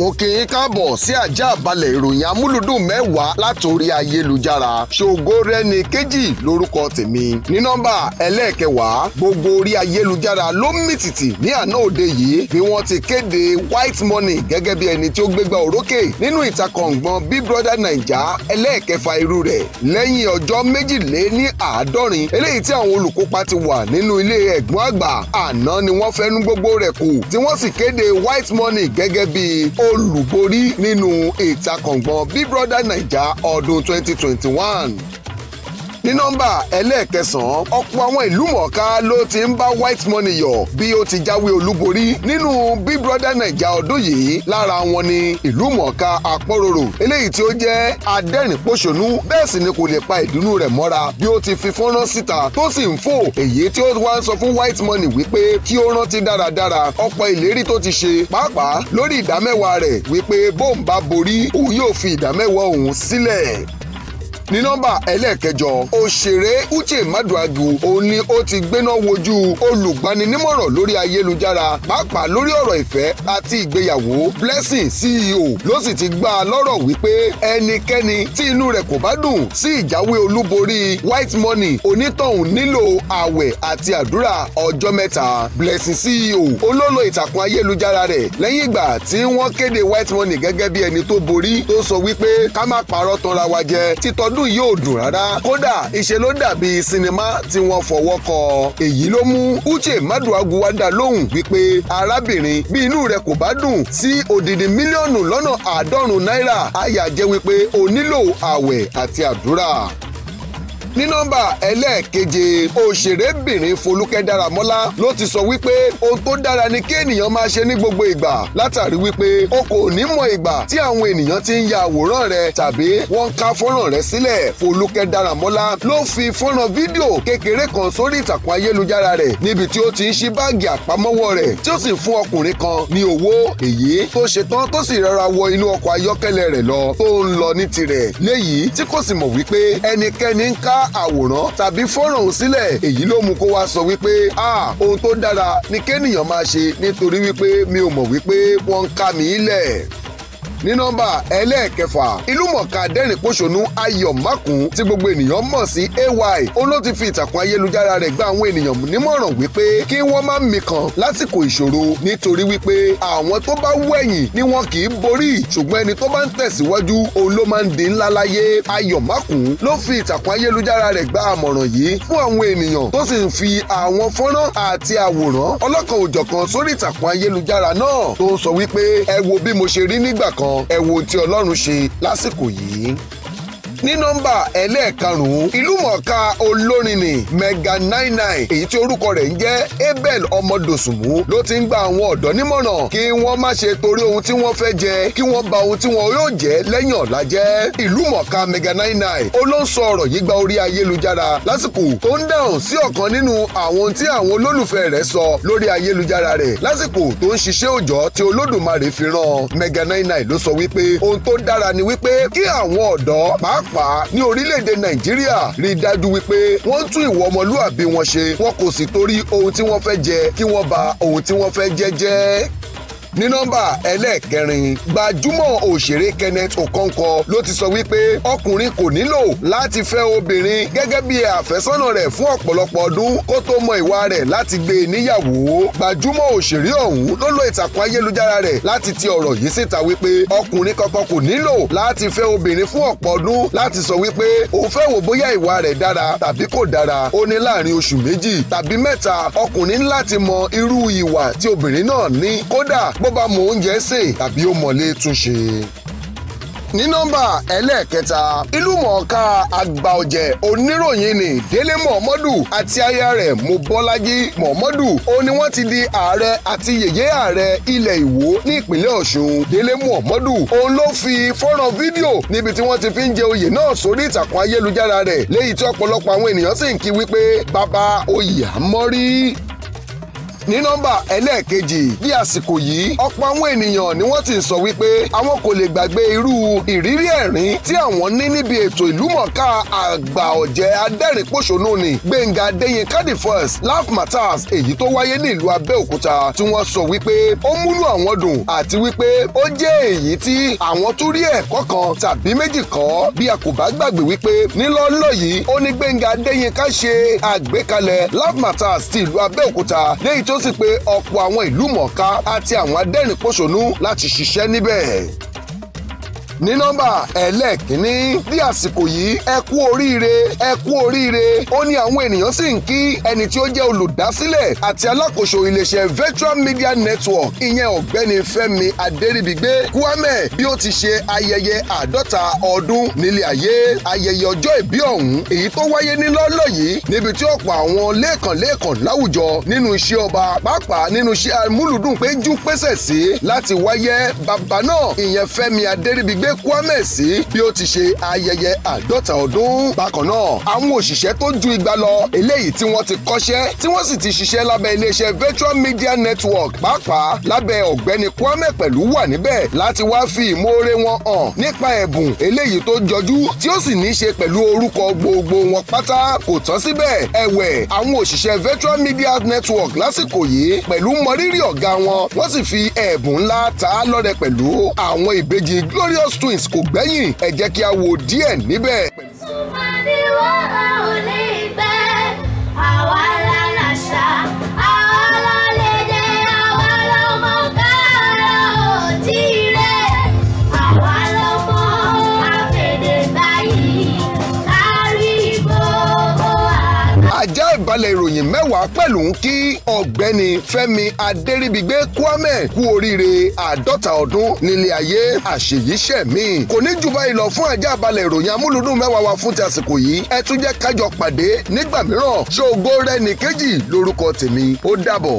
mo kì í káàbọ̀ sí àjà àbálẹ̀ ìròyìn amúlùdùn mẹ́wàá látòrí ayélujára ṣògo rẹni kejì lórúkọ tèmi ní nọ́mbà ẹlẹ́ẹ̀kẹwàá gbogbo orí ayélujára ló mìtìtì ní àná òde yìí bí wọ́n ti kéde white money gẹ́gẹ́ bí ẹni tí ó gbégbá òrókè nínú ìtakọ̀ngbọ̀n big brother naija ẹlẹ́ẹ̀kẹfà irú rẹ̀ lẹ́yìn ọjọ́ méjìlé ní àádọ́rin eléyìí tí àwọn olùkópa ti wà nínú ilé ẹ̀gbọ́n àgbà àná ni wọ́n fẹnu gbogbo rẹ̀ kù tí wọ́n sì kéde white money gẹ́gẹ́ bí olùborí nínú ìtakọ̀ngbọ̀n Big Brother Naija ọdún 2021 ní nọ́mbà ẹlẹ́ẹ̀kẹsàn-án ọ̀pọ̀ àwọn ìlú mọ̀ọ́ká ló ti ń bá white money yọ̀ bí ó ti jáwé olúborí nínú big brother naija ọdún yìí lára wọn ni ìlú mọ̀ọ́ká àpọ̀rọ̀rọ̀ eléyìí tí ó jẹ́ adẹ́rìn-pọ̀ṣọ́nù bẹ́ẹ̀ sì ni kò lè pa ìdùnnú rẹ̀ mọ́ra bí ó ti fi fọ́nrán síta tó sì ń fò èyí tí ó wá ń sọ fún white money wípé kí ó rántí dáradára ọ̀pọ̀ ìlérí tó ti ṣe pàápàá lórí ìdámẹ́wàá rẹ̀ wípé bóun bá borí òun yóò fi ìdámẹ́wàá òun sílẹ̀ ní nọ́mbà ẹlẹ́ẹ̀kẹjọ òṣèré Uche Maduagu òun ni ó ti gbéná wojú olùgbaninímọ̀ràn lórí ayélujára pàápàá lórí ọ̀rọ̀ ìfẹ́ àti ìgbéyàwó Blessing CEO ló sì ti gbà á lọ́rọ̀ wípé ẹnikẹ́ni tí inú rẹ̀ kò bá dùn sí ìjáwé olúborí white money onítọ̀hún nílò ààwẹ̀ àti àdúrà ọjọ́ mẹ́ta Blessing CEO olólo ìtàkùn ayélujára rẹ̀ lẹ́yìn ìgbà tí wọ́n kéde white money gẹ́gẹ́ bí ẹni tó borí tó sọ wípé ká má parọ́ tanra wa jẹ títọ́d ọdún yìí ò dùn rárá kódà ìṣe ló dàbí sinimá tí wọ́n fọwọ́ kọ èyí ló mú Uche Maduagu wá dá lóhùn wípé arábìnrin bí inú rẹ kò bá dùn sí odidi mílíọ̀nù lọ́nà àádọ́rùn-ún náírà àyà jẹ́ wípé o nílò ààwẹ̀ àti àdúrà ní nọ́mbà ẹlẹ́ẹ̀keje òṣèrébìnrin Folúkẹ́ Dáramọ́lá ló ti sọ wípé ohun tó dára ni kí ènìyàn máa ṣe ní gbogbo ìgbà látàrí wípé o kò ní mọ ìgbà tí àwọn ènìyàn ti ń ya àwòrán rẹ tàbí wọ́n ń ká fọ́nrán rẹ sílẹ̀ Folúkẹ́ Dáramọ́lá ló fi fọ́nrán fídíò kékeré kan sórí ìtàkùn ayélujára rẹ̀ níbi tí ó ti ń ṣí báàgì àpamọ́wọ́ rẹ̀ tí ó sì fún ọkùnrin kan ní owó èyí tó ṣetán tó sì rọra wọ inú ọkọ̀ ayọ́kẹ́lẹ́ rẹ̀ lọ tó ń lọ ní tirẹ̀ léyìí tí kò sì mọ̀ wípé ẹnikẹ́ni ń ká àwòrán tàbí fọ́nrán òun sílẹ̀ èyí ló mú kó wá sọ wípé ah ohun tó dára ni kéènìyàn máa ṣe nítorí wípé mi ò mọ̀ wípé wọ́n ń ká mi í ní nọ́mbà ẹlẹ́ẹ̀kẹfà ìlúmọ̀ọ́ká dẹ́rìn pòṣónú ayọ̀ mákùn tí gbogbo ènìyàn mọ̀ sí ay òun ló ti fi ìtàkùn ayélujára rẹ̀ gba àwọn ènìyàn nímọ̀ràn wípé kí wọ́n má mikàn lásìkò ìṣòro nítorí wípé àwọn tó bá wẹ̀yìn ni wọn kì í borí ṣùgbọ́n ẹni tó bá ń tẹ̀síwájú òun ló máa ń di ńlá láyé ayọ̀ mákùn ló fi ìtàkùn ayélujára rẹ̀ gba àmọ̀ràn yìí fún àwọn ènìyàn tó sì ń fi àwọn fọ́nrán àti àwòrán ọlọ́kan ò sórí ìtàkùn ayélujára náà tó ń sọ wípé ẹ wo bí mo ṣe rí nígbà kan ẹ wo tí Ọlọ́run ṣe lásìkò yìí ní nọ́mbà ẹlẹ́ẹ̀karùn-ún ìlúmọ̀ọ́ká olórin ni mega nine nine èyí tí orúkọ rẹ̀ ń jẹ́ abel ọmọdòsùnmú ló ti ń gba àwọn ọ̀dọ́ nímọ̀ràn kí wọ́n má ṣe torí ohun tí wọ́n fẹ́ jẹ kí wọ́n ba ohun tí wọn yóò jẹ lẹ́yìn ọ̀la jẹ́ ìlúmọ̀ọ́ká mega nine nine olóńsọ ọ̀rọ̀ yìí gba orí ayélujára lásìkò tó ń dáhùn sí ọ̀kan nínú àwọn tí àwọn olólùfẹ́ rẹ̀ sọ lórí ayélujára rẹ̀ lásìkò tó ń ṣiṣẹ́ òòjọ́ tí olódùmarè fi rán mega nine nine ló sọ wípé ohun tó dára ni wípé kí àwọn ọ̀dọ́ pàápàá pàápàá ní orílẹ̀-èdè nàìjíríà rí dájú wípé wọ́n tún ìwọ ọmọlúàbí wọn ṣe wọn kò sì torí ohun tí wọ́n fẹ́ jẹ kí wọ́n ba ohun tí wọ́n fẹ́ jẹ jẹ́ ní nọ́mbà ẹlẹ́ẹ̀kẹrin gbajúmọ̀ òṣèré Kenneth Okonkwo ló ti sọ wípé ọkùnrin kò nílò láti fẹ́ obìnrin gẹ́gẹ́ bí àfẹ́sọ́nà rẹ̀ fún ọ̀pọ̀lọpọ̀ ọdún kó tó mọ ìwà rẹ̀ láti gbé e níyàwó gbajúmọ̀ òṣèré ọ̀hún ló lo ìtàkùn ayélujára rẹ̀ láti ti ọ̀rọ̀ yìí síta wípé ọkùnrin kankan kò nílò láti fẹ́ obìnrin fún ọ̀pọ̀ ọdún láti sọ wípé òun fẹ́ wò bóyá ìwà rẹ̀ dára tàbí kò dára ó ní láàrin oṣù méjì tàbí mẹ́ta ọkùnrin láti mọ irú ìwà tí obìnrin náà ní kódà bó bá mọ oúnjẹ sè tàbí ó mọ̀lé túnṣe ní nọ́mbà ẹlẹ́ẹ̀kẹta ìlúmọ̀ọ́ká àgbà ọ̀jẹ̀ oníròyìn ni délé mọ̀mọ́dù àti aya rẹ̀ mọ́bọ́lájí mọ̀mọ́dù ó ní wọ́n ti di ààrẹ àti yèyé ààrẹ ilẹ̀ ìwó ní ìpínlẹ̀ ọ̀ṣun délé mọ̀mọ́dù òun ló fi fọ́nrán fídíò níbi tí wọ́n ti fi ń jẹ oyè náà sórí ìtàkùn ayélujára rẹ̀ léyìí tí ọ̀pọ̀lọpọ̀ àwọn ènìyàn sì ń kí wípé bàbá oyè àmọ́rí ní nọ́mbà ẹlẹ́ẹ̀kejì bí àsìkò yìí ọ̀pọ̀ àwọn ènìyàn ni wọ́n ti ń sọ wípé àwọn kò lè gbàgbé irú ìrírí ẹ̀rín tí àwọn ní níbi ètò ìlúmọ̀ọ́ká àgbà ọ̀jẹ̀ adẹ́rìn ni Gbẹ̀ngà Adéyínká the first laugh matters èyí tó wáyé ní ìlú Abẹ́òkúta tí wọ́n sọ wípé ó múnú àwọn dùn àti wípé ó jẹ́ èyí tí àwọn tún rí ẹ̀kọ́ kan tàbí méjì kọ́ bí a kò bá gbàgbé wípé nílọ́lọ́ yìí ó ní Gbẹ̀ngà Adéyínká ṣe àgbékalẹ̀ laugh matters ti ìlú Abẹ́òkúta léyìí t tó sì pé ọ̀pọ̀ àwọn ìlú mọ̀ọ́ká àti àwọn adẹ́rìn láti ṣiṣẹ́ níbẹ̀ ní nọ́mbà ẹlẹ́ẹ̀kínní ní àsìkò yìí ẹ kú oríire ẹ kú oríire ó ní àwọn ènìyàn sì ń kí ẹni tí ó jẹ́ olùdásílẹ̀ àti alákòóso iléeṣẹ́ virtual media network ìyẹn ọ̀gbẹ́ni fẹ́mi adẹ́rìbígbé kwame bí ó ti ṣe ayẹyẹ àádọ́ta ọdún nílé ayé ayẹyẹ ọjọ́ ìbí ọ̀hún èyí tó wáyé ní lọ́lọ́ yìí níbi tí ọ̀pọ̀ àwọn lẹ́ẹ̀kànlẹ́ẹ̀kàn láwùjọ nínú iṣẹ́ ọba pàápàá nínú iṣẹ́ amúlùdùn péjú pésẹ̀ sí láti wáyé bàbá náà ìyẹn fẹ́mi adẹ́rìbígbé Kwame sí bí ó ti ṣe ayẹyẹ àádọ́ta ọdún. Bákan náà, àwọn òṣìṣẹ́ tó ju igba lọ eléyìí tí wọ́n ti kọ́ṣẹ́ tí wọ́n sì ti ṣiṣẹ́ lábẹ́ iléeṣẹ́ Virtual Media Network pàápàá lábẹ́ ọ̀gbẹ́ni Kwame pẹ̀lú wà níbẹ̀ láti wá fi ìmoore wọn hàn nípa ẹ̀bùn eléyìí tó jọjú tí ó sì ní í ṣe pẹ̀lú orúkọ gbogbo wọn pátá kò tán síbẹ̀ ẹ̀wẹ̀ àwọn òṣìṣẹ́ Virtual Media Network lásìkò yìí pẹ̀lú mọrírì ọ̀gá wọn wọ́n sì fi ẹ̀bùn ńlá ta á lọ́rẹ pẹ̀lú àwọn ìbejì Glorious twins kò gbẹ́yìn ẹ jẹ́ kí a wò díẹ̀ níbẹ̀. Oh, oh. àkọsílẹ̀ ìròyìn mẹ́wàá pẹ̀lú ń kí ọ̀gbẹ́ni Fẹ́mi Adéríbigbé Kwame kú oríire àádọ́ta ọdún nílé ayé àṣeyíṣẹ́ mi kò ní jù báyìí lọ fún ajá balẹ̀ ìròyìn amúlùdùn mẹ́wàá wa fún ti àsìkò yìí ẹ tún jẹ́ kájọ pàdé nígbà mìíràn ṣògo rẹ̀ nìkejì lórúkọ tèmi ó dàbọ̀.